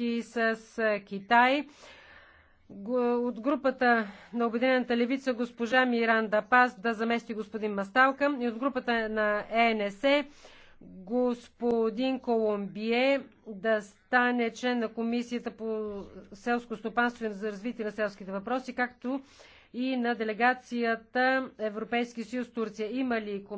връзки с Китай. От групата на Обединената левица госпожа Миранда Пас да замести господин Масталка и от групата на ЕНС господин Колумбие да стане член на Комисията по селско стопанство и за развитие на селските въпроси, както и на делегацията Европейски съюз Турция. Има ли